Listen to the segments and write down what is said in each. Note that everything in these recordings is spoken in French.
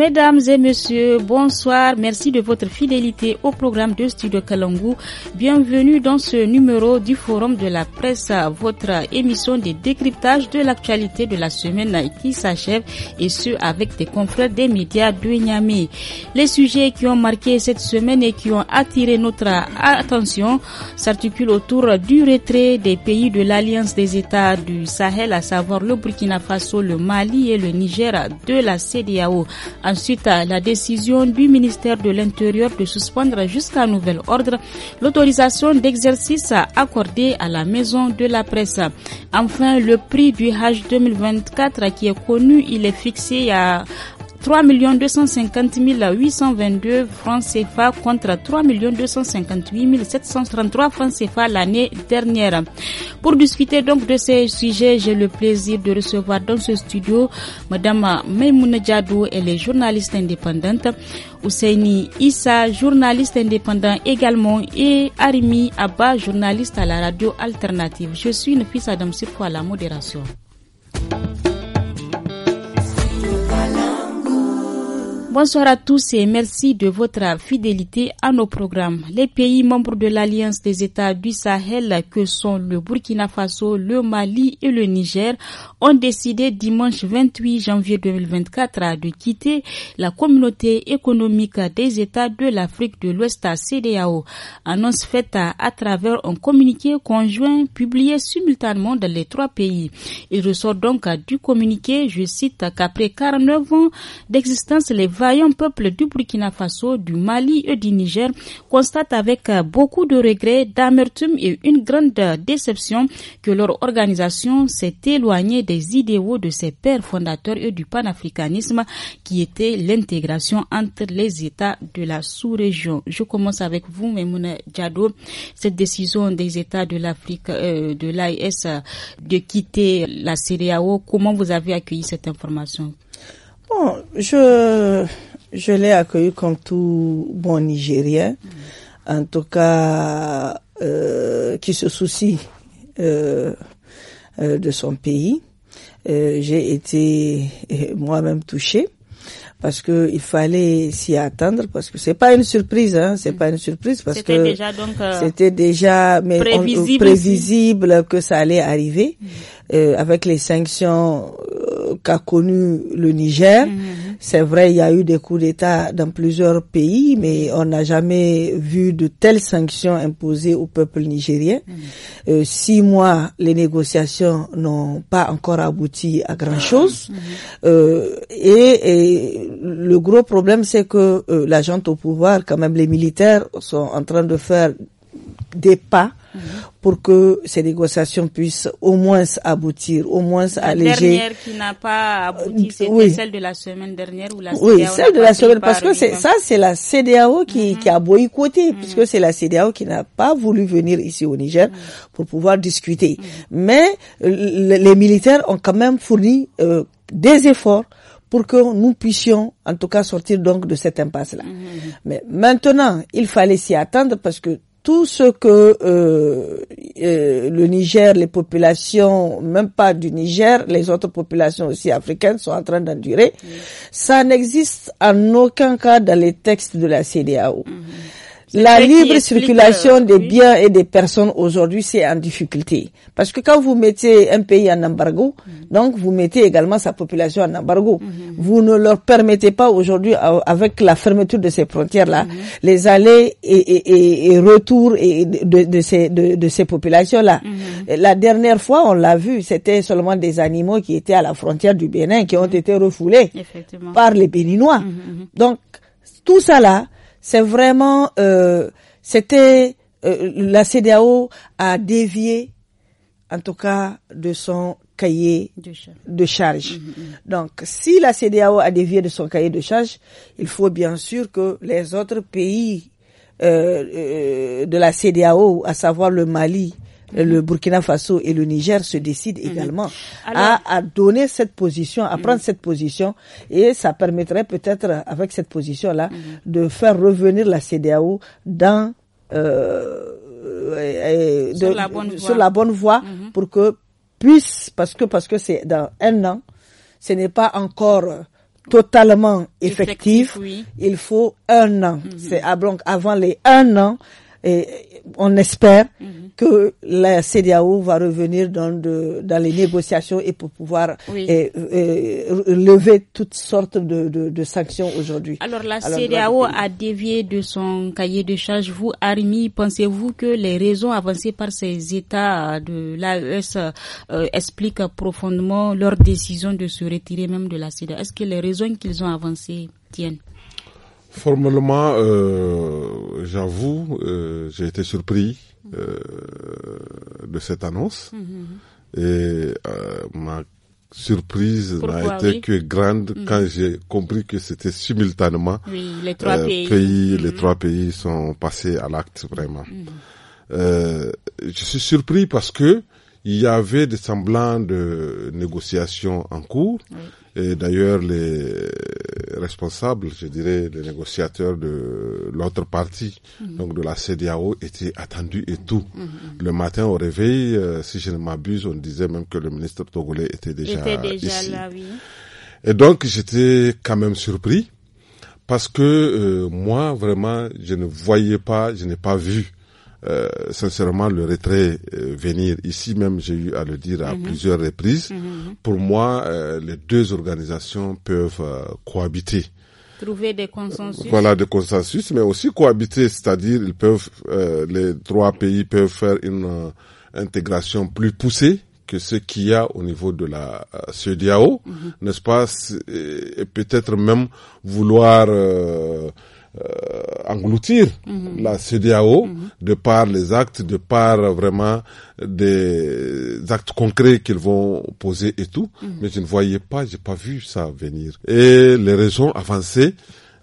Mesdames et messieurs, bonsoir. Merci de votre fidélité au programme de Studio Kalangu. Bienvenue dans ce numéro du Forum de la presse, votre émission de décryptage de l'actualité de la semaine qui s'achève et ce avec des confrères des médias du Niamey. Les sujets qui ont marqué cette semaine et qui ont attiré notre attention s'articulent autour du retrait des pays de l'Alliance des États du Sahel, à savoir le Burkina Faso, le Mali et le Niger de la CDAO. Ensuite, la décision du ministère de l'Intérieur de suspendre jusqu'à nouvel ordre l'autorisation d'exercice accordée à la maison de la presse. Enfin, le prix du H 2024 qui est connu, il est fixé à 3 250 822 francs CFA contre 3 258 733 francs CFA l'année dernière. Pour discuter donc de ces sujets, j'ai le plaisir de recevoir dans ce studio Madame Maimouna Diadou, elle est journaliste indépendante, Ousseini Issa, journaliste indépendant également, et Arimi Abba, journaliste à la radio alternative. Je suis une Adam Sirko à la modération. Bonsoir à tous et merci de votre fidélité à nos programmes. Les pays membres de l'Alliance des États du Sahel, que sont le Burkina Faso, le Mali et le Niger, ont décidé dimanche 28 janvier 2024 de quitter la communauté économique des États de l'Afrique de l'Ouest à CDAO. Annonce faite à, travers un communiqué conjoint publié simultanément dans les trois pays. Il ressort donc du communiqué, je cite, qu'après 49 ans d'existence, les vaillants peuples du Burkina Faso, du Mali et du Niger constatent avec euh, beaucoup de regrets, d'amertume et une grande déception que leur organisation s'est éloignée des idéaux de ses pères fondateurs et du panafricanisme qui était l'intégration entre les États de la sous-région. Je commence avec vous, Memouna Diado. Cette décision des États de l'Afrique, euh, de l'AIS, e de quitter la CDAO, comment vous avez accueilli cette information? Bon, je, je l'ai accueilli comme tout bon Nigérien, en tout cas euh, qui se soucie euh, euh, de son pays. J'ai été moi-même touchée parce que il fallait s'y attendre parce que c'est pas une surprise hein, c'est pas une surprise parce que déjà c'était déjà prévisible, que ça allait arriver mm. avec les sanctions qu'a connu le Niger. Mhm. C'est vrai, il y a eu des coups d'État dans plusieurs pays, mais on n'a jamais vu de telles sanctions imposées au peuple nigérien. Mhm. Euh, six mois, les négociations n'ont pas encore abouti à grand-chose. Mhm. Euh, et, le gros problème, c'est que euh, la gente au pouvoir, quand même les militaires, sont en train de faire des pas Mhm. pour que ces négociations puissent au moins aboutir, au moins alléger. La dernière qui n'a pas abouti, euh, c'était celle de la semaine dernière ou la Oui, celle de la semaine, parce que c'est, ça, c'est la CDAO qui, mhm. qui a boycotté, mhm. puisque c'est la CDAO qui n'a pas voulu venir ici au Niger pour pouvoir discuter. Mais les militaires ont quand même fourni euh, des efforts pour que nous puissions en tout cas sortir donc de cette impasse-là. Mais maintenant, il fallait s'y attendre parce que tout ce que euh, euh, le Niger, les populations, même pas du Niger, les autres populations aussi africaines sont en train d'endurer, ça n'existe en aucun cas dans les textes de la CDAO. Mhm. La libre circulation des biens et des personnes aujourd'hui, c'est en difficulté. Parce que quand vous mettez un pays en embargo, mhm. donc vous mettez également sa population en embargo. Mhm. Vous ne leur permettez pas aujourd'hui, avec la fermeture de ces frontières-là, mhm. les allées et, et, et, retours de, ces, de, de ces populations-là. La dernière fois, on l'a vu, c'était seulement des animaux qui étaient à la frontière du Bénin, qui ont été refoulés par les Béninois. Donc, tout ça là, c'est vraiment, euh, c'était euh, la CDAO a dévié, en tout cas, de son cahier de charge. Mm-hmm, mm-hmm. Donc, si la CDAO a dévié de son cahier de charge, il faut bien sûr que les autres pays euh, de la CDAO, à savoir le Mali, euh, le Burkina Faso et le Niger se décident mhm. également à, à, donner cette position, à mhm. prendre cette position, et ça permettrait peut-être, avec cette position-là, mhm. de faire revenir la CDAO dans euh, euh sur, la bonne voie, pour que puisse, parce que parce que c'est dans un an, ce n'est pas encore totalement effectif. Il faut un an. C'est donc avant les un an et on espère mhm. que la CDAO va revenir dans, dans les négociations et pour pouvoir euh, lever toutes sortes de, sanctions aujourd'hui. Alors la CDAO a dévié de son cahier de charge. Vous, Armi, pensez-vous que les raisons avancées par ces États de l'AES euh, expliquent profondément leur décision de se retirer même de la CDAO Est-ce que les raisons qu'ils ont avancées tiennent Formellement, euh, j'avoue, euh, j'ai été surpris euh, de cette annonce. Mhm. Et ma surprise n'a été que grande mhm. quand j'ai compris que c'était simultanément. les mhm. trois pays. sont passés à l'acte, vraiment. je suis surpris parce que il y avait des semblants de négociations en cours. Et d'ailleurs, les responsables, je dirais, les négociateurs de l'autre partie, mhm. donc de la CDAO, étaient attendus et tout. Mhm. Le matin au réveil, euh, si je ne m'abuse, on disait même que le ministre togolais était déjà, Là, oui. Et donc, j'étais quand même surpris parce que euh, moi, vraiment, je ne voyais pas, je n'ai pas vu euh, sincèrement, le retrait euh, venir ici même, j'ai eu à le dire à mhm. plusieurs reprises. Mhm, mhm. Pour moi, euh, les deux organisations peuvent cohabiter. Trouver des consensus. Voilà, des consensus, mais aussi cohabiter, c'est-à-dire ils peuvent, les trois pays peuvent faire une intégration plus poussée que ce qu'il y a au niveau de la CEDEAO, n'est-ce pas Et peut-être même vouloir euh, engloutir mhm. la CDAO mhm. de par les actes, de par vraiment des actes concrets qu'ils vont poser et tout. Mhm. Mais je ne voyais pas, j'ai pas vu ça venir. Et les raisons avancées,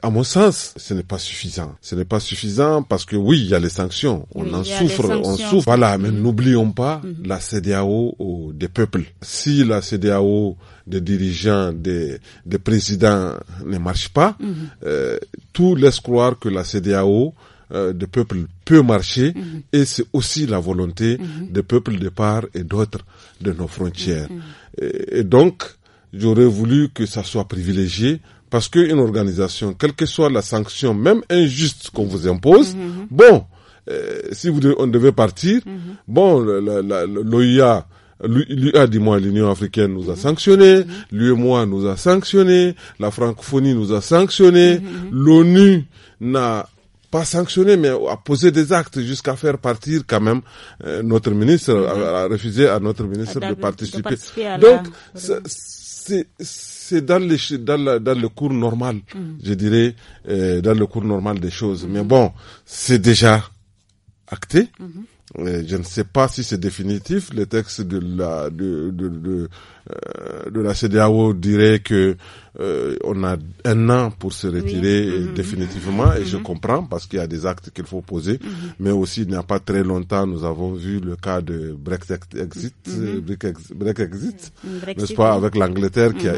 à mon sens, ce n'est pas suffisant. Ce n'est pas suffisant parce que oui, il y a les sanctions. On en souffre, on souffre. Voilà, mais mhm. n'oublions pas mhm. la CDAO euh, des peuples. Si la CDAO des dirigeants, des, présidents ne marche pas, mhm. euh, tout laisse croire que la CDAO euh, des peuples peut marcher et c'est aussi la volonté des peuples de part et d'autre de nos frontières. et, donc, j'aurais voulu que ça soit privilégié parce qu'une organisation, quelle que soit la sanction, même injuste qu'on vous impose, bon, euh, si vous on devait partir, bon, l'OIA, l'UA, dis-moi, l'Union africaine nous a sanctionnés, e moi nous a sanctionnés, la francophonie nous a sanctionnés, l'ONU n'a pas sanctionné, mais a posé des actes jusqu'à faire partir quand même euh, notre ministre, a refusé à, notre ministre ah, de participer. Donc, c'est c'est dans, dans, dans le cours normal, mm. je dirais, euh, dans le cours normal des choses. Mais bon, c'est déjà acté. Mm-hmm je ne sais pas si c'est définitif. Le texte de la de de, de, euh, de la CDAO dirait que euh, on a un an pour se retirer mm-hmm. définitivement et je mm-hmm. comprends parce qu'il y a des actes qu'il faut poser, mm-hmm. mais aussi il n'y a pas très longtemps nous avons vu le cas de Brexit, exit, euh, Brexit, n'est-ce pas, avec l'Angleterre qui a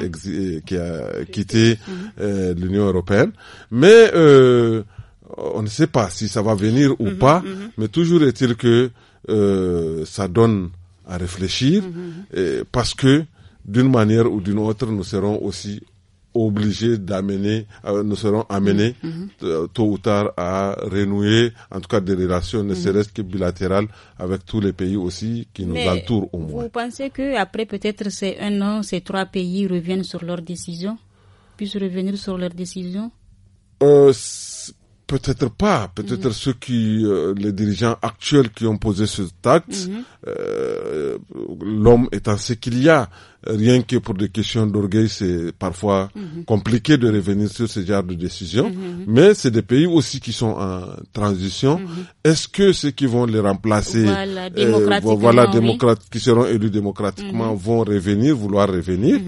qui a quitté l'Union européenne, mais euh, on ne sait pas si ça va venir ou mhm, pas, mhm. mais toujours est-il que euh, ça donne à réfléchir, mhm, parce que d'une manière ou d'une autre, nous serons aussi obligés d'amener, euh, nous serons amenés tôt ou tard à renouer, en tout cas des relations, ne serait-ce que bilatérales, avec tous les pays aussi qui nous entourent au moins. Vous pensez que après peut-être ces un an, ces trois pays reviennent sur leurs décisions, puissent revenir sur leurs décisions Peut-être pas. Peut-être mm-hmm. ceux qui, euh, les dirigeants actuels qui ont posé ce acte, mm-hmm. euh, l'homme étant ce qu'il y a, rien que pour des questions d'orgueil, c'est parfois mhm. compliqué de revenir sur ce genre de décision. Mhm. Mais c'est des pays aussi qui sont en transition. Mhm. Est-ce que ceux qui vont les remplacer, voilà, euh, qui seront élus démocratiquement, vont revenir, vouloir revenir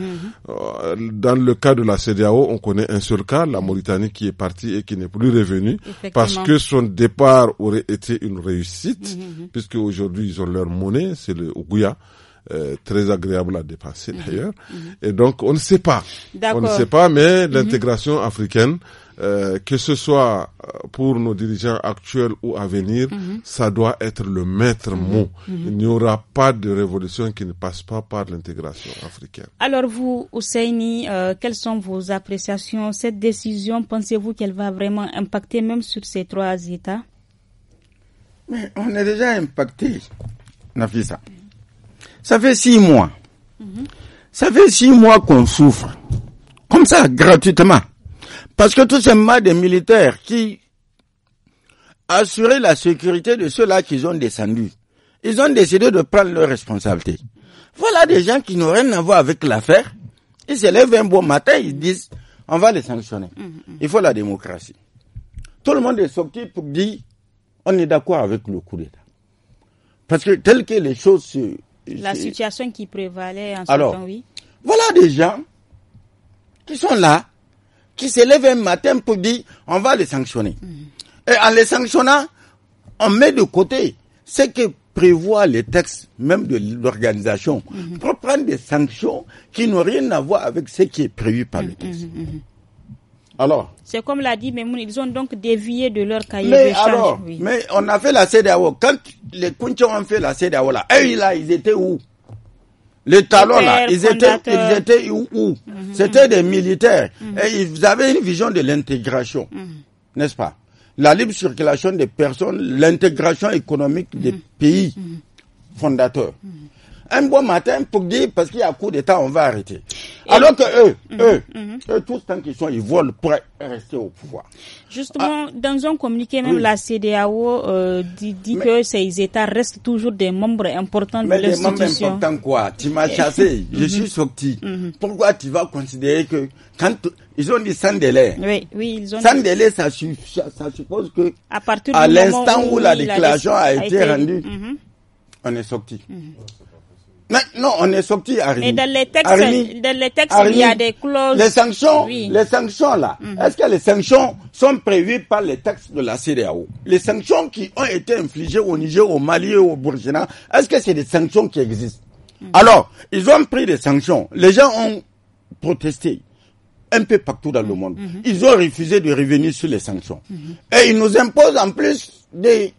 euh, Dans le cas de la CDAO, on connaît un seul cas, la Mauritanie qui est partie et qui n'est plus revenue parce que son départ aurait été une réussite, puisque aujourd'hui ils ont leur monnaie, c'est le Ouguya. Euh, très agréable à dépasser mhm. d'ailleurs. Mhm. Et donc on ne sait pas. On ne sait pas, mais mhm. l'intégration africaine, euh, que ce soit euh, pour nos dirigeants actuels ou à venir, ça doit être le maître mot. Il n'y aura pas de révolution qui ne passe pas par l'intégration africaine. Alors vous, Ousseini, quelles sont vos appréciations Cette décision, pensez-vous qu'elle va vraiment impacter même sur ces trois États Mais on est déjà impacté, Nafisa. Mm ça fait six mois. Ça fait six mois qu'on souffre. Comme ça, gratuitement. Parce que tout simplement des militaires qui assuraient la sécurité de ceux-là qu'ils ont descendus, ils ont décidé de prendre leurs responsabilités. Voilà des gens qui n'ont rien à voir avec l'affaire. Ils se lèvent un bon matin, ils disent, on va les sanctionner. Mm, mm, mm. Il faut la démocratie. Tout le monde est sorti pour dire, on est d'accord avec le coup d'État. Parce que tel que les choses se la situation qui prévalait en ce oui. Voilà des gens qui sont là, qui se lèvent un matin pour dire on va les sanctionner. Mm. Et en les sanctionnant, on met de côté ce que prévoit les textes même de l'organisation mm-hmm. pour prendre des sanctions qui n'ont rien à voir avec ce qui est prévu par le mm-hmm, texte. Mm-hmm, c'est comme l'a dit Memoun, ils ont donc dévié de leur cahier mais Alors, Mais on a fait la CDAO. Quand les Kuncho ont fait la CDAO, là, eux, là, ils étaient où les talons là, ils étaient, où, mhm. C'était des mhm. militaires. Mhm. Et ils avaient une vision de l'intégration, n'est-ce pas La libre circulation des personnes, l'intégration économique des pays fondateurs un bon matin pour dire parce qu'il y a coup d'État, on va arrêter. Alors que eux, mhm. eux, mhm. eux, tous tant qu'ils sont, ils volent pour rester au pouvoir. Justement, ah. dans un communiqué, même la CDAO euh, dit, que ces États restent toujours des membres importants de l'institution. Mais des membres importants quoi Tu m'as chassé, mhm. je suis sorti. Pourquoi tu vas considérer que quand ils ont dit sans délai. Oui, oui, ils ont sans délai, ça, suppose que à, l'instant où, la déclaration a, été, rendue, on est sorti. Non, on est sorti à Et dans les textes, il y a des clauses. Les sanctions, les sanctions là, mm. est-ce que les sanctions sont prévues par les textes de la CDAO Les sanctions qui ont été infligées au Niger, au Mali et au Burkina, est-ce que c'est des sanctions qui existent mm. Alors, ils ont pris des sanctions. Les gens ont protesté un peu partout dans le mm. monde. Mm-hmm. Ils ont refusé de revenir sur les sanctions. Mm-hmm. Et ils nous imposent en plus des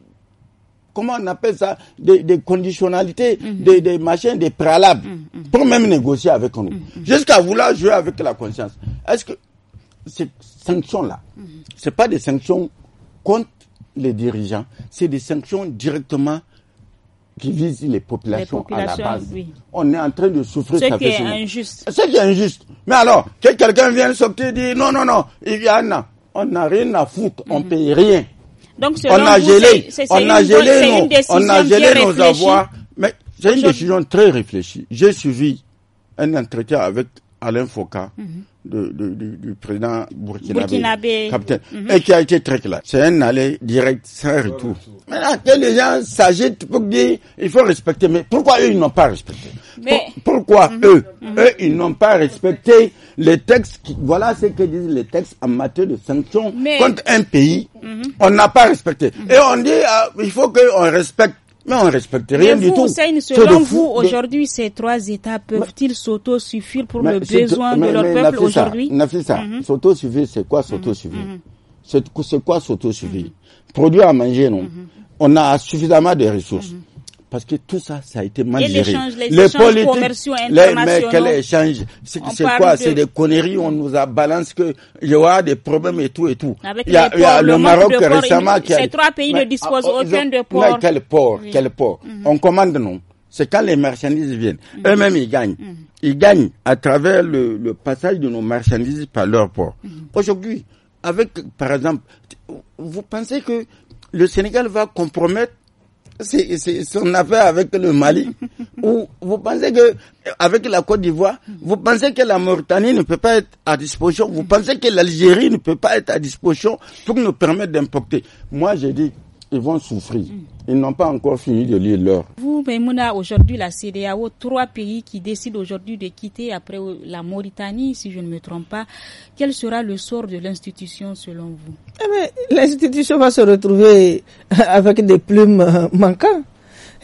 comment on appelle ça, des, conditionnalités, mhm. des, des, machins, des préalables, mhm, mhm. pour même négocier avec nous. Jusqu'à vouloir jouer avec la conscience. Est-ce que ces sanctions-là, ce pas des sanctions contre les dirigeants, c'est des sanctions directement qui visent les populations, à la base. On est en train de souffrir. Ce qui est injuste. Ce qui est injuste. Mais alors, quelqu'un vient sortir et dire non, non, non, il y en a, on n'a rien à foutre, on ne paye rien. Donc, selon on a vous, gelé, on a gelé, nos, on a gelé nos avoirs, mais c'est une décision très réfléchie. J'ai suivi un entretien avec Alain Foucault, mhm. du, président burkinabé, mhm. et qui a été très clair. C'est un aller direct, sans retour. Maintenant, que les gens s'agitent pour dire, il faut respecter, mais pourquoi eux, ils n'ont pas respecté mais... Pourquoi mhm. eux Eux, ils n'ont pas respecté les textes, voilà ce que disent les textes en matière de sanctions mais... contre un pays. On n'a pas respecté. Et on dit, ah, il faut qu'on respecte mais on ne respecte rien du tout. Hussein, selon vous, aujourd'hui, ces trois États peuvent-ils sauto s'autosuffire pour le besoin de leur peuple aujourd'hui fait ça. sauto s'autosuffire, c'est quoi sauto mm -hmm. C'est quoi sauto s'autosuffire Produit à manger, non mhm. On a suffisamment de ressources. Mhm. Parce que tout ça, ça a été mal géré. Les, les, politiques, commerciaux internationaux. Les, mais échange C'est quoi C'est des conneries. On nous a balancé que il y aura des problèmes et tout et tout. Avec il y a, le, Maroc récemment qui a... Ces trois pays ne disposent oh, oh, aucun de port. Mais quel port Quel port mhm. On commande non c'est quand les marchandises viennent. Mhm. Eux-mêmes, ils gagnent. Mhm. Ils gagnent à travers le, le, passage de nos marchandises par leur port. Aujourd'hui, avec, par exemple, vous pensez que le Sénégal va compromettre c'est son affaire avec le Mali Ou vous pensez que avec la Côte d'Ivoire, vous pensez que la Mauritanie ne peut pas être à disposition Vous pensez que l'Algérie ne peut pas être à disposition pour nous permettre d'importer Moi, j'ai dit ils vont souffrir. Ils n'ont pas encore fini de lire l'heure. Vous, a aujourd'hui, la CDAO, trois pays qui décident aujourd'hui de quitter après la Mauritanie, si je ne me trompe pas. Quel sera le sort de l'institution selon vous eh L'institution va se retrouver avec des plumes manquantes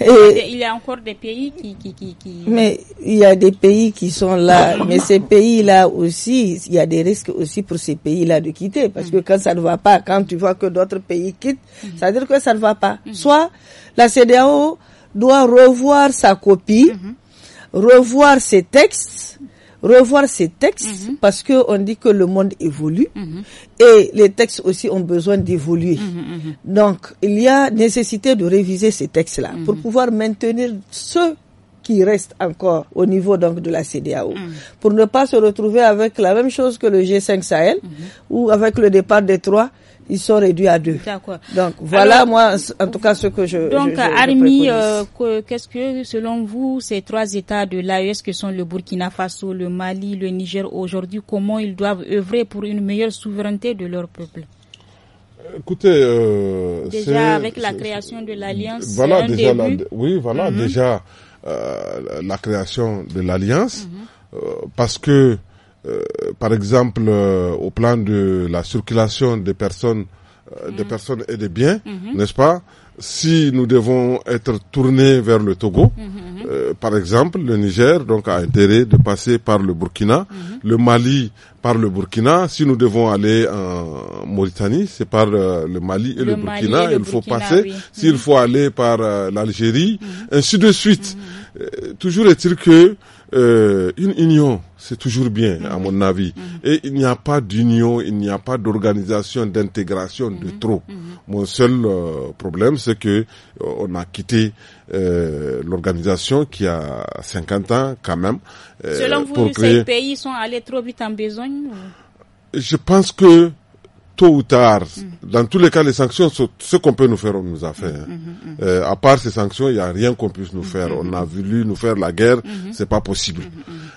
il y a encore des pays qui, qui... Mais il y a des pays qui sont là, mais ces pays-là aussi, il y a des risques aussi pour ces pays-là de quitter, parce que mm. quand ça ne va pas, quand tu vois que d'autres pays quittent, ça mm. veut dire que ça ne va pas. Mm. Soit la CDAO doit revoir sa copie, mm-hmm. revoir ses textes, revoir ces textes mhm. parce que on dit que le monde évolue mhm. et les textes aussi ont besoin d'évoluer. Mhm, donc, il y a nécessité de réviser ces textes-là pour pouvoir maintenir ce qui reste encore au niveau donc de la CDAO pour ne pas se retrouver avec la même chose que le G5 Sahel ou avec le départ des trois ils sont réduits à deux. Donc voilà moi en tout cas ce que je. Donc je, euh, qu'est-ce que selon vous ces trois États de l'AES que sont le Burkina Faso, le Mali, le Niger aujourd'hui, comment ils doivent œuvrer pour une meilleure souveraineté de leur peuple? Écoutez, euh, déjà avec la création de l'alliance, voilà déjà, oui voilà déjà la création de l'alliance parce que euh, par exemple, euh, au plan de la circulation des personnes, euh, des mm. personnes et des biens, mm-hmm. n'est-ce pas si nous devons être tournés vers le Togo, mm-hmm, mm-hmm. par exemple, le Niger donc a intérêt de passer par le Burkina, le Mali par le Burkina. Si nous devons aller en Mauritanie, c'est par le Mali et le, Burkina. il faut passer. S'il faut aller par l'Algérie, ainsi de suite. toujours est-il que euh, une union, c'est toujours bien, à mhm. mon avis. Mhm. Et il n'y a pas d'union, il n'y a pas d'organisation, d'intégration de mhm. trop. Mon seul euh, problème, c'est que euh, on a quitté l'organisation qui a 50 ans quand même. Selon vous, ces pays sont allés trop vite en besogne Je pense que tôt ou tard, dans tous les cas, les sanctions, sont ce qu'on peut nous faire, on nous a fait. Hein. Mhm, mhm, mhm. Euh, à part ces sanctions, il n'y a rien qu'on puisse nous faire. On a voulu nous faire la guerre, c'est pas possible.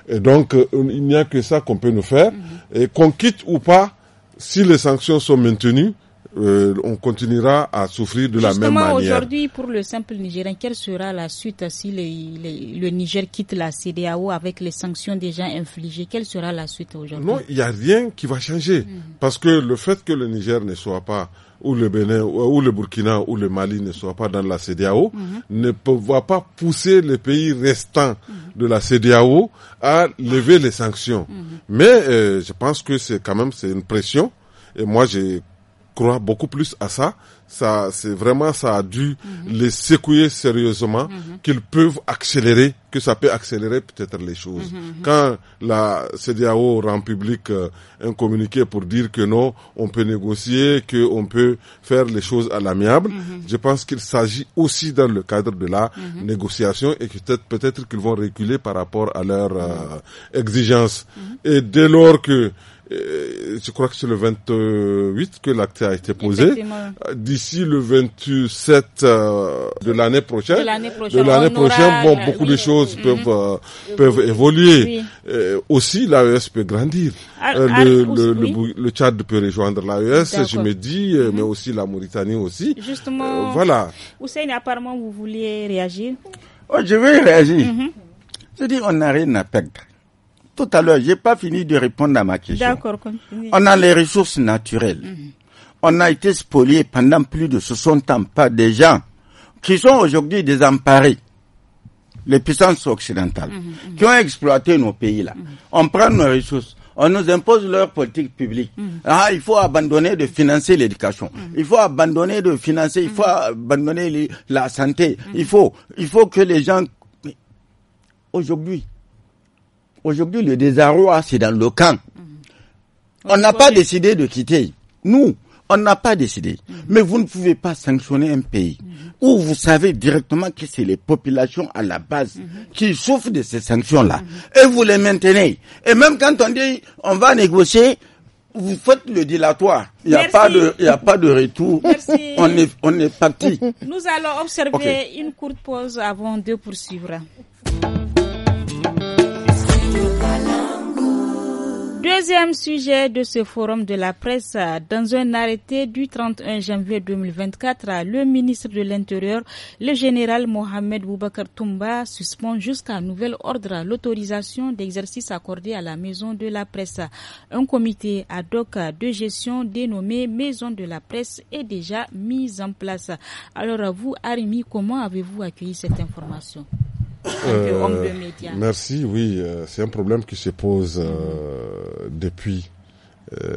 Et donc, euh, il n'y a que ça qu'on peut nous faire. Et qu'on quitte ou pas, si les sanctions sont maintenues, euh, on continuera à souffrir de la même manière. aujourd'hui, pour le simple Nigérien, quelle sera la suite si le Niger quitte la CDAO avec les sanctions déjà infligées Quelle sera la suite aujourd'hui Non, il n'y a rien qui va changer. Mhm. Parce que le fait que le Niger ne soit pas, ou le Bénin, ou le Burkina, ou le Mali ne soit pas dans la CDAO, mhm. ne va pas pousser les pays restants mhm. de la CDAO à lever les sanctions. Mais euh, je pense que c'est quand même c'est une pression. Et moi, j'ai croient beaucoup plus à ça. Ça, c'est vraiment, ça a dû mhm. les secouer sérieusement mhm. qu'ils peuvent accélérer, que ça peut accélérer peut-être les choses. Mhm, Quand la CDAO rend public euh, un communiqué pour dire que non, on peut négocier, que on peut faire les choses à l'amiable, je pense qu'il s'agit aussi dans le cadre de la négociation et que peut-être, qu'ils vont reculer par rapport à leurs euh, exigences. Et dès lors que euh, je crois que c'est le 28 que l'acte a été posé. Euh, d'ici le 27 euh, de l'année prochaine, de l'année prochaine, bon, beaucoup de choses mhm. peuvent peuvent évoluer. aussi, l'AES peut grandir. le, le, le, Tchad peut rejoindre l'AES, je me dis, mhm. mais aussi la Mauritanie aussi. Justement. voilà. Hussein, apparemment, vous vouliez réagir. Oh, je vais réagir. Mhm. Je dis, on n'a rien à perdre tout à l'heure, j'ai pas fini de répondre à ma question. On a les ressources naturelles. Mhm. On a été spolié pendant plus de 60 ans par des gens qui sont aujourd'hui désemparés. Les puissances occidentales mhm, mhm. qui ont exploité nos pays là. On prend nos ressources. On nous impose leur politique publique. Ah, il faut abandonner de financer l'éducation. Il faut abandonner de financer. Il faut abandonner la santé. Il faut, il faut que les gens aujourd'hui Aujourd'hui, le désarroi, c'est dans le camp. Mm-hmm. On n'a pas décidé de quitter. Nous, on n'a pas décidé. Mm-hmm. Mais vous ne pouvez pas sanctionner un pays mm-hmm. où vous savez directement que c'est les populations à la base qui souffrent de ces sanctions-là. Et vous les maintenez. Et même quand on dit on va négocier, vous faites le dilatoire. Il n'y a, pas de, y a pas de retour. On est, on est parti. Nous allons observer une courte pause avant de poursuivre. Deuxième sujet de ce forum de la presse, dans un arrêté du 31 janvier 2024, le ministre de l'Intérieur, le général Mohamed Boubacar Toumba, suspend jusqu'à nouvel ordre l'autorisation d'exercice accordée à la maison de la presse. Un comité ad hoc de gestion dénommé Maison de la presse est déjà mis en place. Alors, vous, Arimi, comment avez-vous accueilli cette information? Euh, merci, oui, euh, c'est un problème qui se pose euh, depuis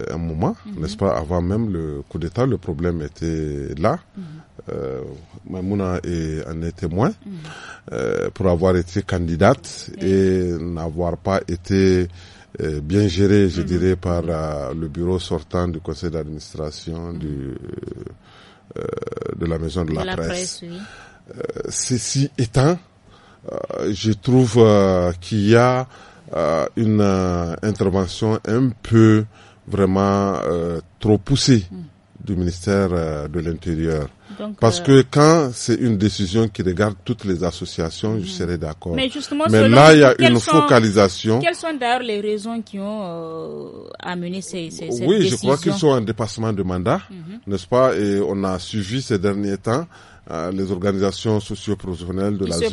un moment, mhm. n'est-ce pas Avant même le coup d'État, le problème était là. Mhm. Mamouna est, en est témoin mhm. pour avoir été candidate et n'avoir pas été bien gérée, je dirais, par le bureau sortant du conseil d'administration du de la maison de la, presse. ceci étant, euh, je trouve euh, qu'il y a euh, une intervention un peu vraiment trop poussée hmm. du ministère de l'Intérieur. Parce que quand c'est une décision qui regarde toutes les associations, je hmm. serais d'accord. Mais, là, il y a une focalisation. Quelles sont d'ailleurs les raisons qui ont amené ces, ces, cette Oui, je crois qu'ils sont en dépassement de mandat, mhm. n'est-ce pas Et on a suivi ces derniers temps les organisations socio-professionnelles de qui la se qui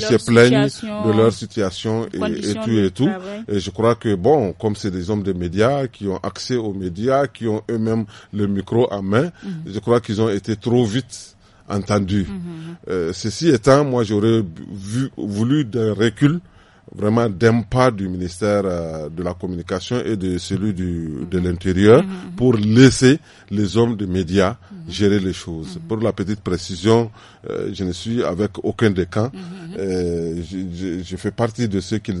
se plaignent de leur situation et, tout et tout. Et je crois que bon, comme c'est des hommes de médias qui ont accès aux médias, qui ont eux-mêmes le micro à main, mhm. je crois qu'ils ont été trop vite entendus. Mhm, mhm. euh, ceci étant, moi j'aurais voulu d'un recul vraiment d'un pas du ministère euh, de la communication et de celui du, de mhm. l'intérieur mhm, mhm. pour laisser les hommes de médias gérer les choses. Pour la petite précision, euh, je ne suis avec aucun des camps. Euh, je, je, je, fais partie de ceux qu'ils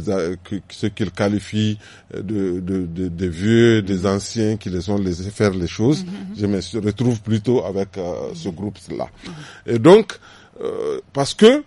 ceux qu'ils qualifient de, de, de, de vieux, des anciens qui les ont laissés faire les choses. Je me retrouve plutôt avec ce groupe-là. Et donc, parce que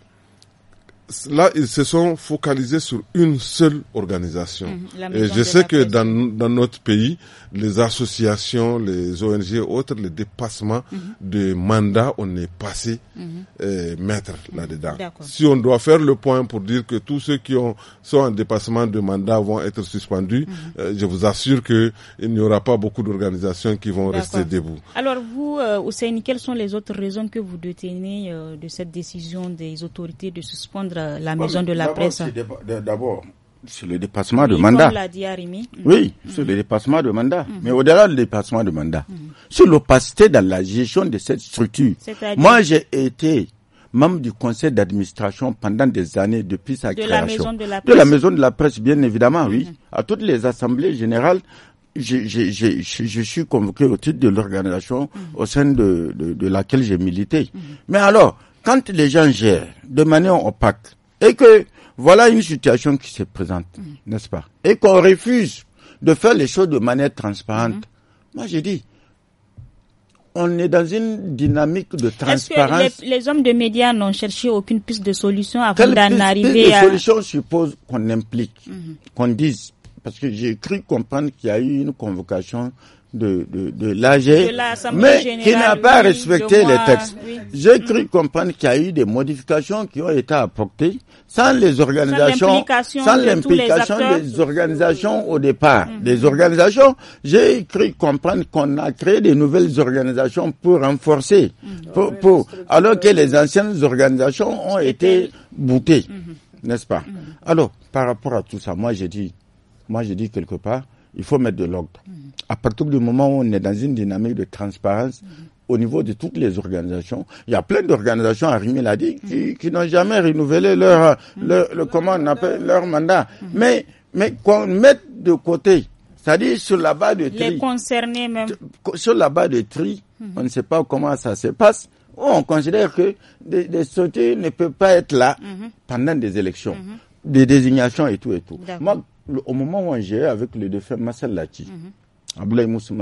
là, ils se sont focalisés sur une seule organisation. Mhm, et je sais que dans, dans, notre pays, les associations, les ONG autres, les dépassement mhm. de mandat, on est passé mmh. euh, maître mhm. là-dedans. Si on doit faire le point pour dire que tous ceux qui ont, sont en dépassement de mandat vont être suspendus, euh, je vous assure qu'il n'y aura pas beaucoup d'organisations qui vont rester debout. Alors vous, euh, quelles sont les autres raisons que vous détenez euh, de cette décision des autorités de suspendre euh, la maison de la presse D'abord, c'est le dépassement de mandat. Mm. Oui, sur mm. c'est le dépassement de mandat. Mm. Mais au-delà du dépassement de mandat, sur l'opacité dans la gestion de cette structure. Moi, j'ai été membre du conseil d'administration pendant des années depuis sa création. de, la maison de la presse, bien évidemment, oui. À toutes les assemblées générales, je, suis convoqué au titre de l'organisation au sein de, laquelle j'ai milité. Mais alors, quand les gens gèrent de manière opaque et que voilà une situation qui se présente, mm. n'est-ce pas Et qu'on refuse de faire les choses de manière transparente. Mm-hmm. Moi, j'ai dit, on est dans une dynamique de transparence. Que les, hommes de médias n'ont cherché aucune piste de solution avant d'en arriver à... de solution suppose qu'on implique, mm-hmm. qu'on dise. Parce que j'ai cru comprendre qu'il y a eu une convocation de, de, de l'AG, mais qui n'a pas respecté les textes. J'ai cru comprendre qu'il y a eu des modifications qui ont été apportées sans les organisations, sans l'implication des organisations au départ. Mhm. Des organisations, j'ai cru comprendre qu'on a créé des nouvelles organisations pour renforcer, mhm. pour, alors que les anciennes organisations ont été boutées, mhm. n'est-ce pas Alors, par rapport à tout ça, moi j'ai dit, moi j'ai dit quelque part, il faut mettre de l'ordre à partir du moment où on est dans une dynamique de transparence, mhm. au niveau de toutes les organisations, il y a plein d'organisations, Arimé l'a dit, qui, n'ont jamais renouvelé leur, mhm. le comment on appelle, leur mandat. Mhm. Mais, mais qu'on mette de côté, c'est-à-dire sur la base de tri. Les concernés même. Sur la base de tri, on ne sait pas comment ça se passe. On considère que des, des sociétés ne peuvent pas être là pendant des élections, des désignations et tout et tout. Moi, au moment où j'ai avec le défunt Marcel Lati, Abdoulaye Moussa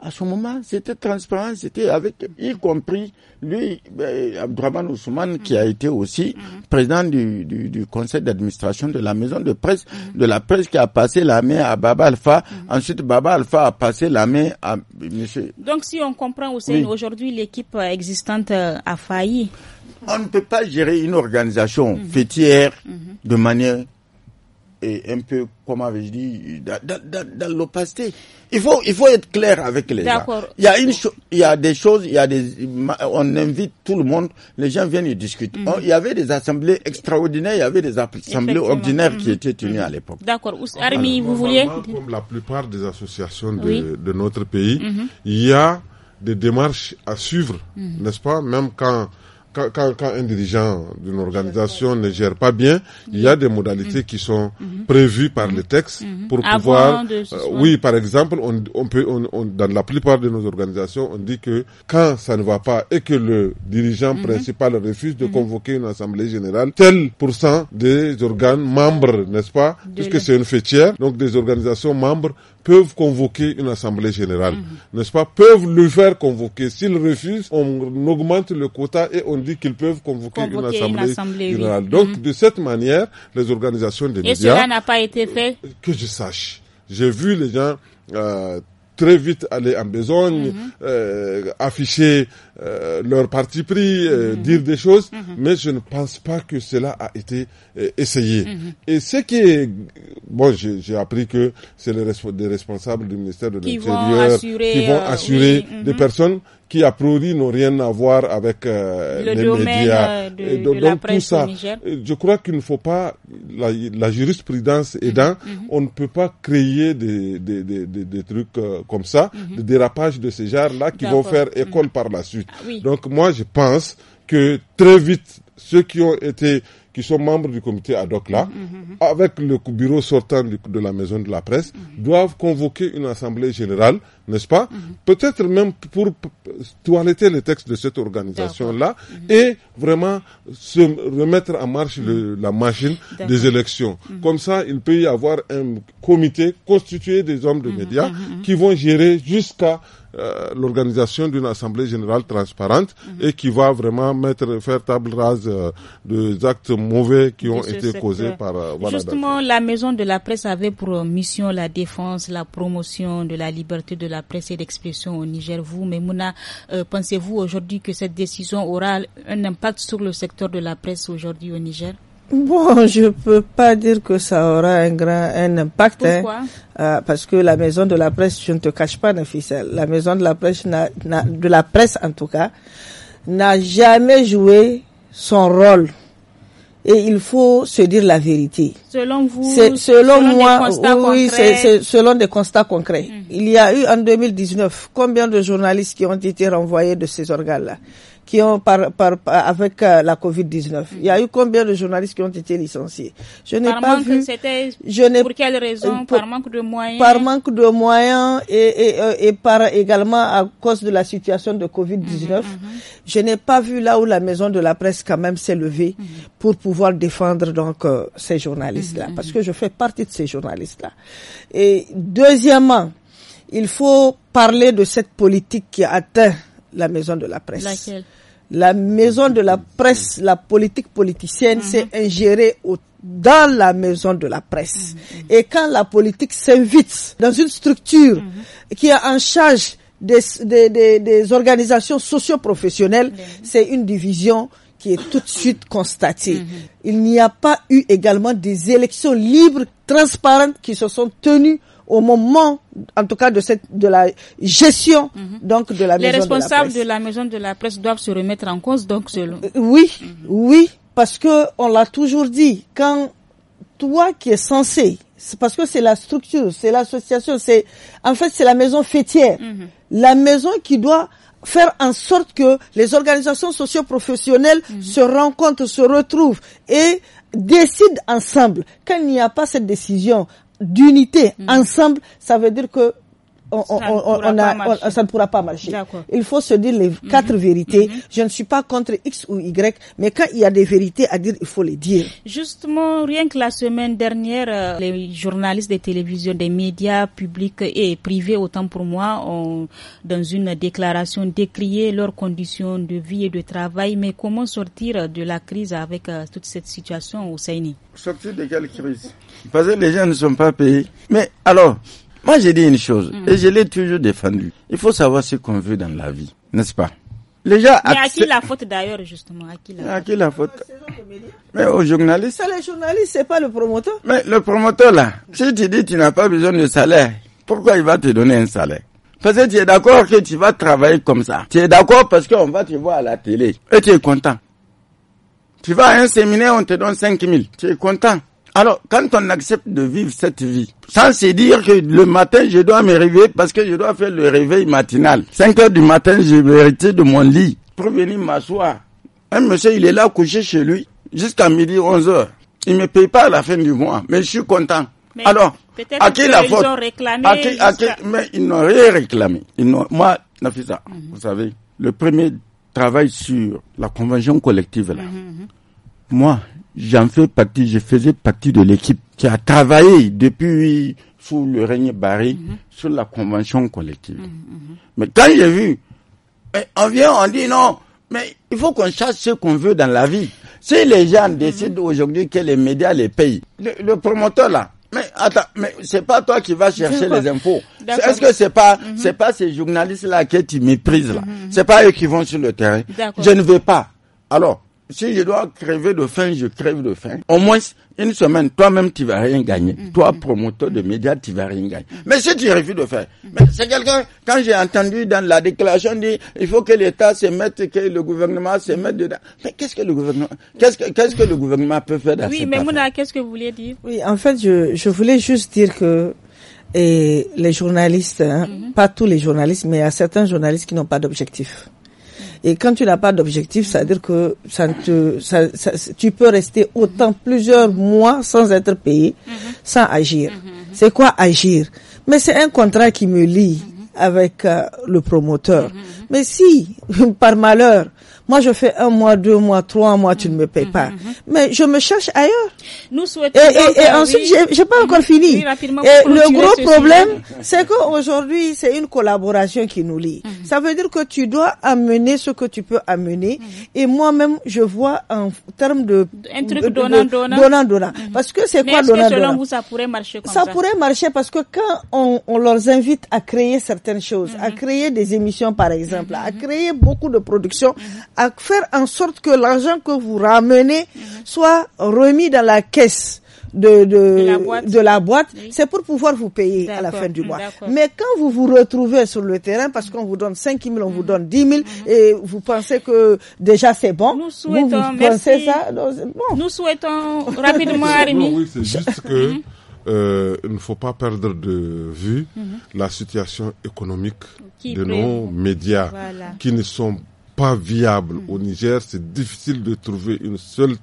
à ce moment, c'était transparent, c'était avec, y compris lui, euh, Abdraman Ousmane, qui a été aussi mm-hmm. président du, conseil d'administration de la maison de presse, mm-hmm. de la presse qui a passé la main à Baba Alpha. Mm-hmm. Ensuite, Baba Alpha a passé la main à monsieur. Donc, si on comprend aussi, aujourd'hui, l'équipe euh, existante euh, a failli. On ne peut pas gérer une organisation fêtière de manière et un peu, comment avait je dit dans, l'opacité. Il faut, il faut être clair avec les gens. Il y a une, il y a des choses, il y a des, on invite tout le monde, les gens viennent et discutent. Mhm. il y avait des assemblées extraordinaires, il y avait des assemblées ordinaires qui mhm. étaient tenues à mhm. l'époque. D'accord. Armi, vous vouliez? Comme la plupart des associations de, de notre pays, il y a des démarches à suivre, n'est-ce pas? Même quand quand, quand, un dirigeant d'une organisation ne gère pas bien, il y a des modalités qui sont prévues par le texte pour pouvoir. Euh, oui, par exemple, on, on peut, on, dans la plupart de nos organisations, on dit que quand ça ne va pas et que le dirigeant mhm. principal refuse de mhm. convoquer une assemblée générale, tel pourcent des organes membres, n'est-ce pas, puisque c'est une fêtière, donc des organisations membres peuvent convoquer une assemblée générale, mhm. n'est-ce pas Peuvent le faire convoquer. S'ils refusent, on augmente le quota et on dit qu'ils peuvent convoquer, une assemblée, générale. Donc, mhm. de cette manière, les organisations des médias... Et cela n'a pas été fait euh, Que je sache. J'ai vu les gens... Euh, très vite aller en besogne, mhm. euh, afficher euh, leur parti pris, euh, mhm. dire des choses, mhm. mais je ne pense pas que cela a été euh, essayé. Mhm. Et ce qui est, bon, j'ai appris que c'est les des responsables du ministère de l'Intérieur qui vont assurer, des personnes qui a priori n'ont rien à voir avec les médias. tout ça, je crois qu'il ne faut pas la, jurisprudence aidant, on ne peut pas créer des des des, des, trucs comme ça, des dérapages de ces genre là qui vont faire école par la suite. Ah Donc moi, je pense que très vite, ceux qui ont été qui sont membres du comité ad hoc là, mhm, mhm, mhm. avec le bureau sortant de la maison de la presse, doivent convoquer une assemblée générale, n'est-ce pas Peut-être même pour toiletter les textes de cette organisation-là et vraiment se remettre en marche la machine des élections. Comme ça, il peut y avoir un comité constitué des hommes de médias qui vont gérer jusqu'à euh, l'organisation d'une assemblée générale transparente mhm. et qui va vraiment mettre faire table rase euh, des actes mauvais qui ont été causés par euh, justement la maison de la presse avait pour mission la défense la promotion de la liberté de la presse et d'expression au Niger vous Memouna pensez-vous aujourd'hui que cette décision aura un impact sur le secteur de la presse aujourd'hui au Niger Bon, je peux pas dire que ça aura un grand un impact. Hein. Pourquoi euh, Parce que la maison de la presse, je ne te cache pas, Nafissel. la maison de la presse, de la presse en tout cas, n'a jamais joué son rôle. Et il faut se dire la vérité. Selon vous, c'est, selon, moi, oui, c'est, selon des constats concrets. Hum. Il y a eu en 2019 combien de journalistes qui ont été renvoyés de ces organes-là qui ont par, par, avec euh, la Covid-19. Mm. Il y a eu combien de journalistes qui ont été licenciés Je n'ai pas vu. pour quelle raison? Euh, par manque de moyens. Par manque de moyens et, et, euh, et par également à cause de la situation de Covid-19. Mm-hmm, mm-hmm. Je n'ai pas vu là où la maison de la presse quand même s'est levée mm-hmm. pour pouvoir défendre donc ces journalistes-là parce que je fais partie de ces journalistes-là. Et deuxièmement, il faut parler de cette politique qui atteint la maison de la presse. la maison de la presse, la politique politicienne s'est mhm. ingérée dans la maison de la presse. Mhm, mhm. Et quand la politique s'invite dans une structure qui est en charge des, des organisations socioprofessionnelles, c'est une division qui est tout de suite constaté. Mhm. Il n'y a pas eu également des élections libres, transparentes qui se sont tenues au moment, en tout cas, de cette, de la gestion, mhm. donc, de la maison de la presse. Les responsables de la maison de la presse doivent se remettre en cause, donc, selon. Euh, oui, mhm. oui, parce que on l'a toujours dit, quand toi qui es censé, c'est parce que c'est la structure, c'est l'association, c'est, en fait, c'est la maison fêtière. La maison qui doit faire en sorte que les organisations socioprofessionnelles mhm. se rencontrent, se retrouvent et décident ensemble. Quand il n'y a pas cette décision d'unité mhm. ensemble, ça veut dire que on, ça, on, on a, ça ne pourra pas marcher. Il faut se dire les quatre mhm. vérités. Mhm. Je ne suis pas contre X ou Y, mais quand il y a des vérités à dire, il faut les dire. Justement, rien que la semaine dernière, euh, les journalistes des télévisions des médias publics et privés, autant pour moi, ont, dans une déclaration, décrié leurs conditions de vie et de travail. Mais comment sortir de la crise avec euh, toute cette situation au Saini Sortir de quelle crise Parce que les gens ne sont pas payés. Mais alors, moi, j'ai dit une chose, mm. et je l'ai toujours défendue. Il faut savoir ce qu'on veut dans la vie, n'est-ce pas les gens Mais à qui la faute d'ailleurs, justement À qui la faute, Mais aux journalistes. les journalistes, c'est pas le promoteur. Mais le promoteur, là, si tu dis que tu n'as pas besoin de salaire, pourquoi il va te donner un salaire parce que tu es d'accord que tu vas travailler comme ça. Tu es d'accord parce qu'on va te voir à la télé. Et tu es content. Tu vas à un séminaire, on te donne 5 000. Tu es content. Alors, quand on accepte de vivre cette vie, Ça, c'est dire que le matin, je dois me réveiller parce que je dois faire le réveil matinal. 5 heures du matin, je vais hériter de mon lit pour venir m'asseoir. Un monsieur, il est là couché chez lui jusqu'à midi 11 heures. Il ne me paye pas à la fin du mois, mais je suis content. Alors, à qui la faute Mais ils n'ont rien réclamé. moi, Nafisa, fait mhm. ça. vous savez, le premier travail sur la convention collective, là, mhm, mhm. moi, j'en fais partie, je faisais partie de l'équipe qui a travaillé depuis sous le règne Barry mhm. sur la convention collective. Mhm, mhm. Mais quand j'ai vu, on vient, on dit non, mais il faut qu'on cherche ce qu'on veut dans la vie. Si les gens décident aujourd'hui que les médias les payent, le, promoteur là, mais attends, mais c'est pas toi qui vas chercher les infos. Est-ce que c'est pas, c'est pas ces journalistes là que tu méprises là? C'est pas eux qui vont sur le terrain. Je ne veux pas. Alors, si je dois crever de faim, je crève de faim. Au moins, une semaine, toi-même, tu vas rien gagner. Mhm. Toi, promoteur de médias, tu vas rien gagner. Mhm. Mais si tu refuses de faire, mais c'est quelqu'un, quand j'ai entendu dans la déclaration dit, il faut que l'État se mette, que le gouvernement se mette dedans. Mais qu'est-ce que le gouvernement, qu'est-ce que, ce que le gouvernement peut faire dans Oui, mais Mouna, qu'est-ce que vous vouliez dire? Oui, en fait, je, voulais juste dire que, et les journalistes, hein, mhm. pas tous les journalistes, mais il y a certains journalistes qui n'ont pas d'objectif. Et quand tu n'as pas d'objectif, ça veut dire que ça te, tu peux rester autant plusieurs mois sans être payé, mhm. sans agir. Mhm, mhm. C'est quoi agir Mais c'est un contrat qui me lie avec euh, le promoteur. Mais si, par malheur, moi, je fais un mois, deux mois, trois mois, tu ne me payes mhm, pas. Mhm, mhm. Mais je me cherche ailleurs. Nous souhaitons. Et, euh, ensuite, je j'ai pas encore fini. et le gros problème, c'est qu'aujourd'hui, c'est une collaboration qui nous lie. Ça veut dire que tu dois amener ce que tu peux amener. Et moi-même, je vois en termes de un truc donnant-donnant. Parce que c'est quoi -ce donnant-donnant ça pourrait marcher comme ça. Ça pourrait marcher parce que quand on, on leur invite à créer certaines choses, à créer des émissions, par exemple, à créer beaucoup de productions à faire en sorte que l'argent que vous ramenez soit remis dans la caisse de, de, la boîte, c'est pour pouvoir vous payer à la fin du mois. Mais quand vous vous retrouvez sur le terrain, parce qu'on vous donne 5 000, on vous donne 10 000, mhm. et vous pensez que déjà c'est bon, nous souhaitons, vous, ça, Nous souhaitons rapidement, Oui, c'est juste que mhm. euh, il ne faut pas perdre de vue mhm. la situation économique de nos médias qui ne sont pas pas viable au Niger. C'est difficile de trouver une seule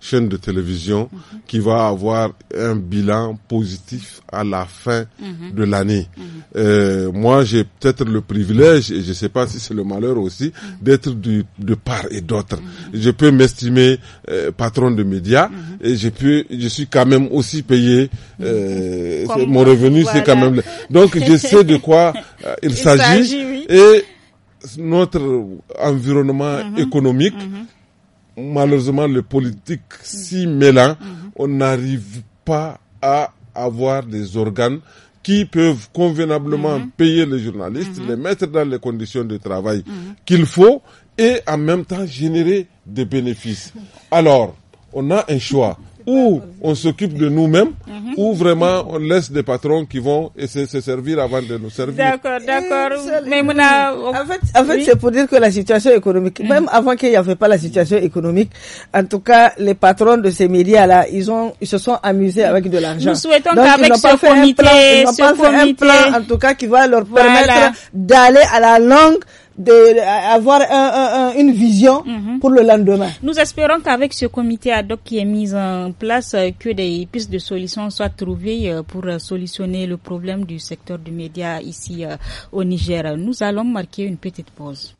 chaîne de télévision qui va avoir un bilan positif à la fin mhm. de l'année. Mhm. Euh, moi, j'ai peut-être le privilège, et je ne sais pas si c'est le malheur aussi, mhm. d'être de part et d'autre. Je peux m'estimer euh, patron de médias et je peux, je suis quand même aussi payé. Euh, mon revenu, c'est quand même. Donc, je sais de quoi il, s'agit. Et notre environnement mhm. économique, mhm. malheureusement, le politique si mêlant, mhm. on n'arrive pas à avoir des organes qui peuvent convenablement payer les journalistes, les mettre dans les conditions de travail qu'il faut et en même temps générer des bénéfices. Alors, on a un choix ou on s'occupe de nous-mêmes, mhm. ou vraiment on laisse des patrons qui vont essayer de se servir avant de nous servir. D'accord, d'accord. en fait, en fait c'est pour dire que la situation économique, mhm. même avant qu'il n'y avait pas la situation économique, en tout cas, les patrons de ces médias-là, ils ont, ils se sont amusés avec de l'argent. Nous souhaitons qu'avec ce pas en tout cas, qui va leur permettre d'aller à la longue d'avoir un, une vision mhm. pour le lendemain. Nous espérons qu'avec ce comité ad hoc qui est mis en place, euh, que des pistes de solutions soient trouvées euh, pour euh, solutionner le problème du secteur du média ici au Niger. Nous allons marquer une petite pause.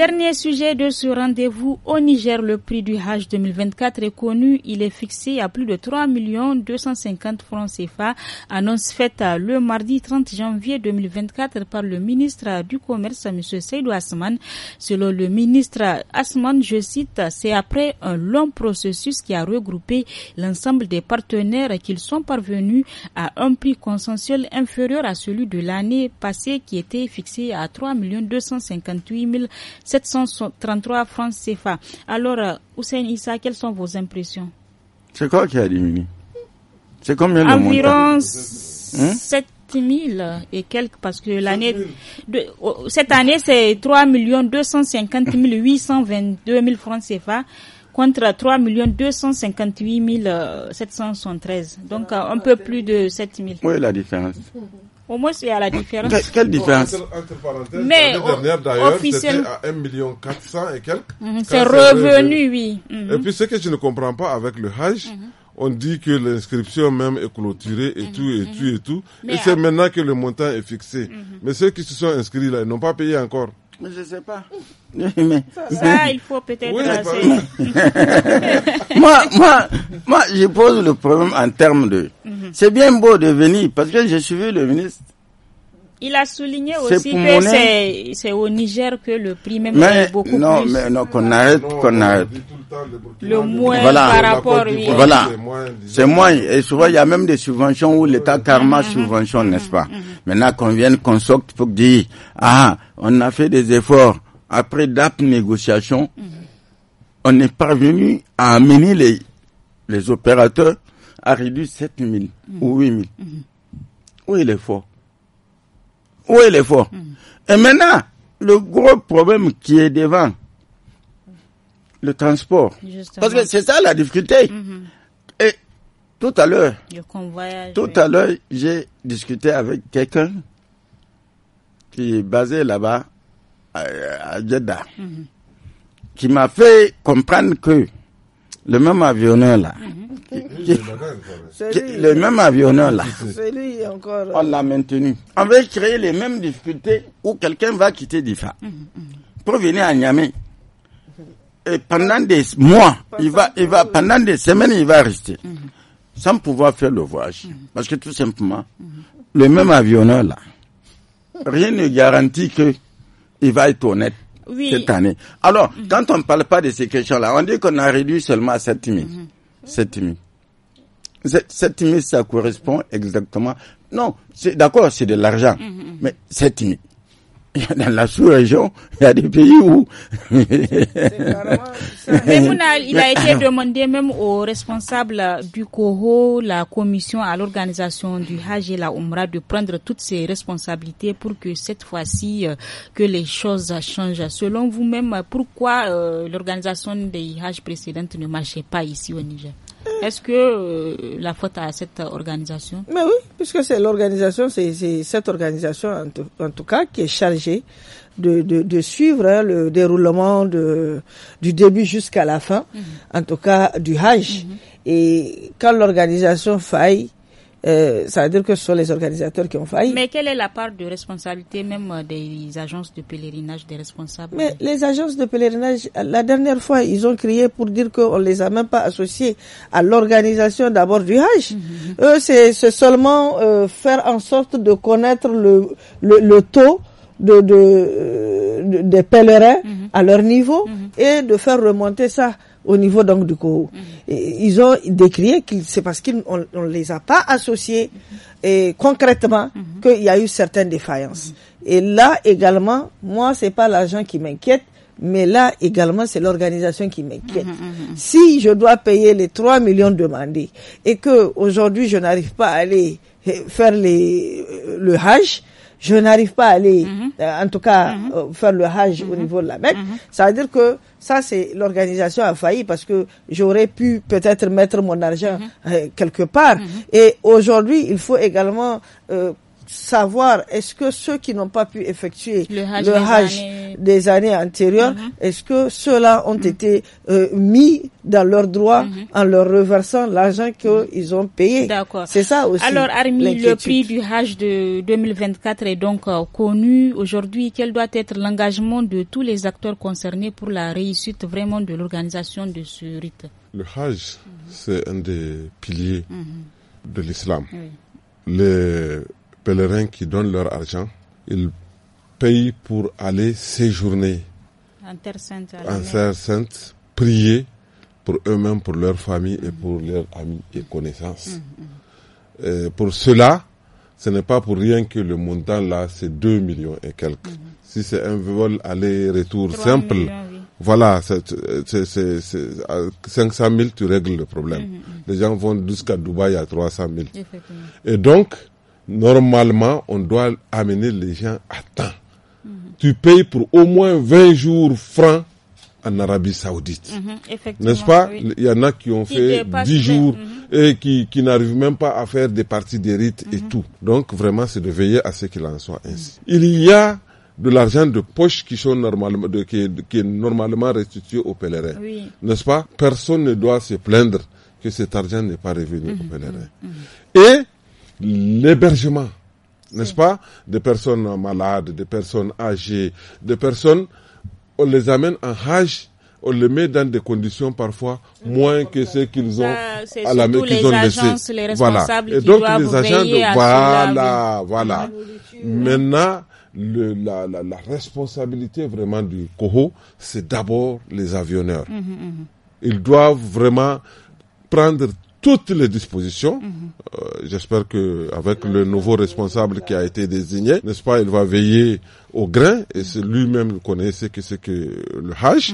Dernier sujet de ce rendez-vous au Niger, le prix du Hajj 2024 est connu. Il est fixé à plus de 3 250 francs CFA. Annonce faite le mardi 30 janvier 2024 par le ministre du Commerce, M. Seydou Asman. Selon le ministre Asman, je cite, c'est après un long processus qui a regroupé l'ensemble des partenaires qu'ils sont parvenus à un prix consensuel inférieur à celui de l'année passée qui était fixé à 3 258 000 733 francs CFA. Alors, euh, Hussein Issa, quelles sont vos impressions C'est quoi qui a diminué C'est combien le Environ montant 7 000 et quelques parce que l'année oh, cette année c'est 3 250 822 000 francs CFA contre 3 258 773. Donc euh, un peu plus de 7 000. Où est la différence au moins, c'est à la différence. quelle différence bon, entre, entre Mais d'ailleurs, officiel... à 1,4 million et quelques. Mhm, c'est revenu, oui. Et mhm. puis, ce que je ne comprends pas avec le Hajj, mhm. on dit que l'inscription même est clôturée et tout, et tout, et tout. et c'est maintenant que le montant est fixé. Mais ceux qui se sont inscrits là, ils n'ont pas payé encore. Mais je ne sais pas. ça, il faut peut-être oui, moi, moi, moi, je pose le problème en termes de c'est bien beau de venir parce que j'ai suivi le ministre. Il a souligné aussi que c'est au Niger que le prix même est beaucoup non, plus. Mais non, qu'on arrête, qu'on arrête. Le, moins par rapport, oui. Voilà, c'est moins. Et souvent, il y a même des subventions où l'État karma mm-hmm. subvention, n'est-ce mm-hmm. pas mm-hmm. Maintenant qu'on vienne, qu'on sorte pour dire, ah, on a fait des efforts. Après d'aptes négociations, on est parvenu à amener les, les opérateurs a réduit 7 ou 8 000. où il est fort Où est fort mm-hmm. Et maintenant, le gros problème qui est devant, le transport. Parce que c'est ça la difficulté. Mm-hmm. Et tout à l'heure, tout à l'heure, j'ai discuté avec quelqu'un qui est basé là-bas à, Jeddah, mm-hmm. qui m'a fait comprendre que le même avionneur là, le même avionneur là, euh, on l'a maintenu. On veut créer les mêmes difficultés où quelqu'un va quitter Difa mm, mm, mm. pour venir à Niamey. Et pendant des mois, pendant il va, il va, pendant des semaines, il va rester sans pouvoir faire le voyage. Parce que tout simplement, le même avionneur là, rien ne garantit qu'il va être honnête cette année. Alors, quand on ne parle pas de ces questions-là, on dit qu'on a réduit seulement à 7 000. 7000. 7000, ça correspond exactement. Non, c'est d'accord, c'est de l'argent, mm-hmm. mais 7000. dans la sous-région, il y a des pays où. il a été demandé même aux responsables du COHO, la commission à l'organisation du Hajj et la OMRA de prendre toutes ses responsabilités pour que cette fois-ci, euh, que les choses changent. Selon vous-même, pourquoi euh, l'organisation des Hajj précédentes ne marchait pas ici au Niger est-ce que euh, la faute à cette organisation Mais oui, puisque c'est l'organisation, c'est cette organisation en tout, cas qui est chargée de, suivre hein, le déroulement de, du début jusqu'à la fin, mhm. en tout cas du Hajj. Mhm. Et quand l'organisation faille, euh, ça veut dire que ce sont les organisateurs qui ont failli. Mais quelle est la part de responsabilité même euh, des agences de pèlerinage, des responsables Mais les agences de pèlerinage, la dernière fois, ils ont crié pour dire qu'on ne les a même pas associés à l'organisation d'abord du Hajj. Mhm. Eux, c'est seulement euh, faire en sorte de connaître le, le, le taux de, de, des pèlerins mhm. à leur niveau mhm. et de faire remonter ça au niveau donc du co mhm. Ils ont décrié que c'est parce qu'on ne les a pas associés mhm. et concrètement mhm. qu'il y a eu certaines défaillances. Et là également, moi c'est pas l'argent qui m'inquiète, mais là également c'est l'organisation qui m'inquiète. Si je dois payer les 3 millions demandés et que aujourd'hui je n'arrive pas à aller eh, faire les, euh, le Hajj, je n'arrive pas à aller, mhm. euh, en tout cas, mhm. euh, faire le Hajj au mhm. niveau de la Mecque, ça veut dire que ça, c'est l'organisation a failli parce que j'aurais pu peut-être mettre mon argent euh, quelque part. Et aujourd'hui, il faut également savoir est-ce que ceux qui n'ont pas pu effectuer le Hajj, des, années... antérieures, mhm. est-ce que ceux-là ont mhm. été euh, mis dans leurs droits mhm. en leur reversant l'argent qu'ils ont payé C'est ça aussi. Alors, Armi, le prix du Hajj de 2024 est donc euh, connu aujourd'hui. Quel doit être l'engagement de tous les acteurs concernés pour la réussite vraiment de l'organisation de ce rite Le Hajj, c'est un des piliers de l'islam. Les pèlerins qui donnent leur argent, ils payent pour aller séjourner en Terre Sainte, prier pour eux-mêmes, pour leur famille et pour leurs amis et connaissances. Mm, mm. Euh, pour cela, ce n'est pas pour rien que le montant là, c'est 2 millions et quelques. Mm, si c'est un vol aller-retour simple, voilà, 500 000, tu règles le problème. Les gens vont jusqu'à Dubaï à 300 000. Et donc, normalement, on doit amener les gens à temps. Tu payes pour au moins 20 jours francs en Arabie Saoudite. Mhm, N'est-ce pas Il y en a qui ont fait 10 jours mhm. et qui, n'arrivent même pas à faire des parties des rites et mhm. tout. Donc vraiment, c'est de veiller à ce qu'il en soit ainsi. Il y a de l'argent de poche qui, sont normalement, qui, est normalement restitué aux pèlerins. N'est-ce pas Personne ne doit se plaindre que cet argent n'est pas revenu aux pèlerins. Et l'hébergement, n'est-ce pas Des personnes malades, des personnes âgées, des personnes, on les amène en Hajj on les met dans des conditions parfois moins que ce qu'ils ont à la maison qu'ils ont Les voilà. Et donc les agents, de... voilà, voilà. Maintenant, le, la, la, responsabilité vraiment du COHO, c'est d'abord les avionneurs. Hum, hum, hum. Ils doivent vraiment prendre toutes les dispositions. euh, J'espère que avec le nouveau responsable qui a été désigné, n'est-ce pas, il va veiller au grain et c'est lui-même le ce que c'est que le h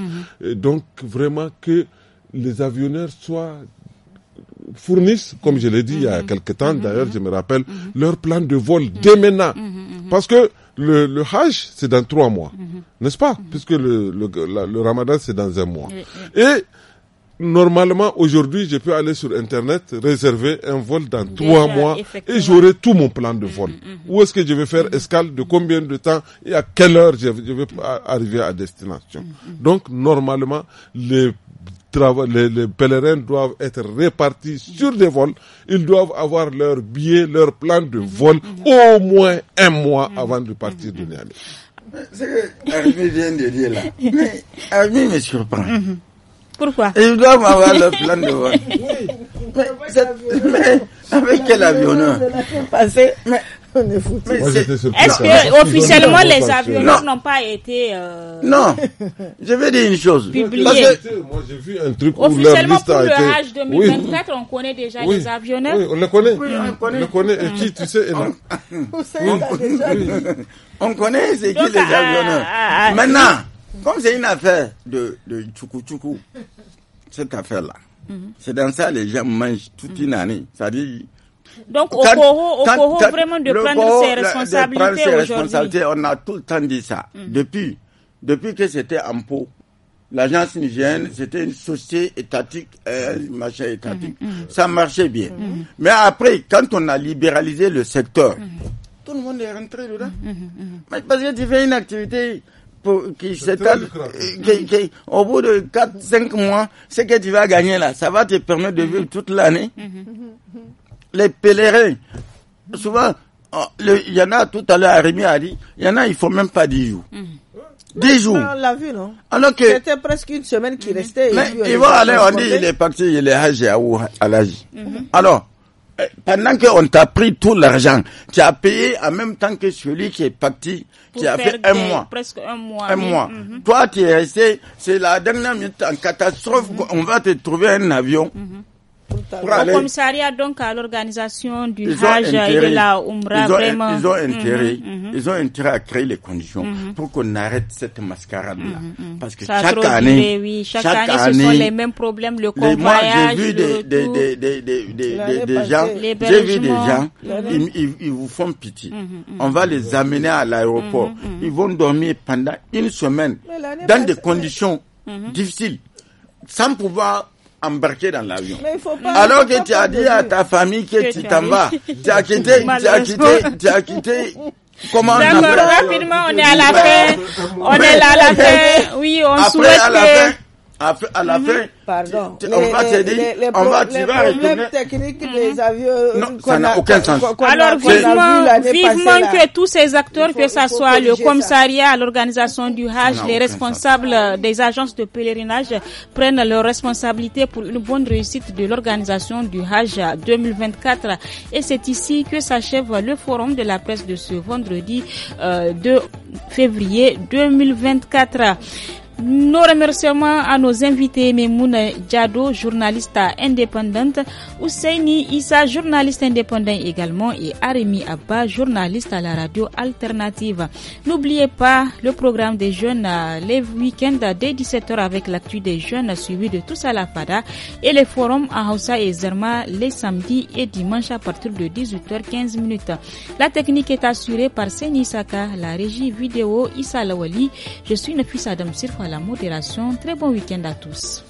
donc vraiment que les avionneurs soient fournissent, comme je l'ai dit il y a quelques temps, d'ailleurs je me rappelle, leur plan de vol dès maintenant. Parce que le, le c'est dans trois mois, n'est-ce pas Puisque le, le, le Ramadan, c'est dans un mois. Et normalement, aujourd'hui, je peux aller sur Internet, réserver un vol dans trois mois et j'aurai tout mon plan de mm, vol. Mm, mm, Où est-ce que je vais faire escale, de combien de temps et à quelle heure je, vais arriver à destination. Donc, normalement, les les, pèlerins doivent être répartis sur des vols. Ils doivent avoir leur billet, leur plan de mm-hmm, vol mm-hmm. au moins un mois mm-hmm, avant de partir de Niamey. Ce que vient de dire là, mais me surprend. Pourquoi Ils doivent avoir leur plan de vol. mais, avec quel avion est-ce que officiellement les avions euh, n'ont pas été euh, Non, je vais dire une chose. Publié. Moi j'ai vu un truc officiellement pour le H 2024, on connaît déjà les avionneurs. Oui, on les connaît. Oui, on, connaît. on les connaît. qui tu sais on... déjà. on... connaît les euh, avionneurs. Maintenant. Comme c'est une affaire de, de tchoukou cette affaire-là, mhm. c'est dans ça les gens mangent toute mhm. une année. Ça dit. Donc, au Coro, vraiment de prendre ses responsabilités. De prendre ses responsabilités, on a tout le temps dit ça. Mhm. Depuis, depuis que c'était en pot, l'agence nigérienne, c'était une société étatique, euh, machin étatique. Ça marchait bien. Mais après, quand on a libéralisé le secteur, tout le monde est rentré dedans. Mais parce que tu fais une activité qui s'étale, euh, au bout de 4-5 mois, ce que tu vas gagner là, ça va te permettre de vivre toute l'année. Mm-hmm. Les pèlerins, souvent, oh, il y en a tout à l'heure, Rémi a dit, il y en a, il faut même pas 10 jours. 10 mm-hmm. jours. on l'a vu, non hein. Alors C'était presque une semaine qui mm-hmm. restait. Mais il va aller, on dit, il est parti, il est à à l'âge. Alors, pendant qu'on t'a pris tout l'argent, tu as payé en même temps que celui qui est parti, qui a fait un mois. Presque un mois. Un mois. Mhm. Toi, tu es resté, c'est la dernière minute en catastrophe, mhm. on va te trouver un avion. Mhm. Au commissariat, donc, à l'organisation du Hajj et de la Umrah, ils ont, vraiment. Mhm, mhm, mhm. intérêt, à créer les conditions pour qu'on arrête cette mascarade-là. Parce que chaque année, chaque, année, ce sont les mêmes problèmes, le convoyage, Moi, j'ai vu des, des, des, des, des gens, j'ai vu des gens, ils, ils, ils, vous font pitié. On va les amener à l'aéroport. Ils vont dormir pendant une semaine dans des conditions difficiles, sans pouvoir embarqué dans l'avion. Alors que tu as dit à ta famille que tu t'en vas. Tu as quitté, tu as quitté, tu as quitté Comment rapidement, on est à la fin. On est là à la fin. Oui, on souhaite que à, la mhm. fin, Pardon. on va te dire, les, on va, techniques avions. ça n'a aucun sens. Alors, vivement, que tous ces acteurs, que ce soit le commissariat, l'organisation du Hajj, les responsables euh, des agences de pèlerinage, prennent leurs responsabilités pour une bonne réussite de l'organisation du Hajj 2024. Et c'est ici que s'achève le forum de la presse de ce vendredi euh, 2 février 2024. Nos remerciements à nos invités Memouna Diado, journaliste indépendante, Ousseini Issa, journaliste indépendant également, et Arimi Abba, journaliste à la radio alternative. N'oubliez pas le programme des jeunes euh, les week-ends dès 17h avec l'actu des jeunes suivi de tous à la FADA et les forums à Hausa et Zerma les samedis et dimanches à partir de 18h15. La technique est assurée par Seni Saka, la régie vidéo Issa Lawali. Je suis Nafisa Adam Sirfa à la modération. Très bon week-end à tous.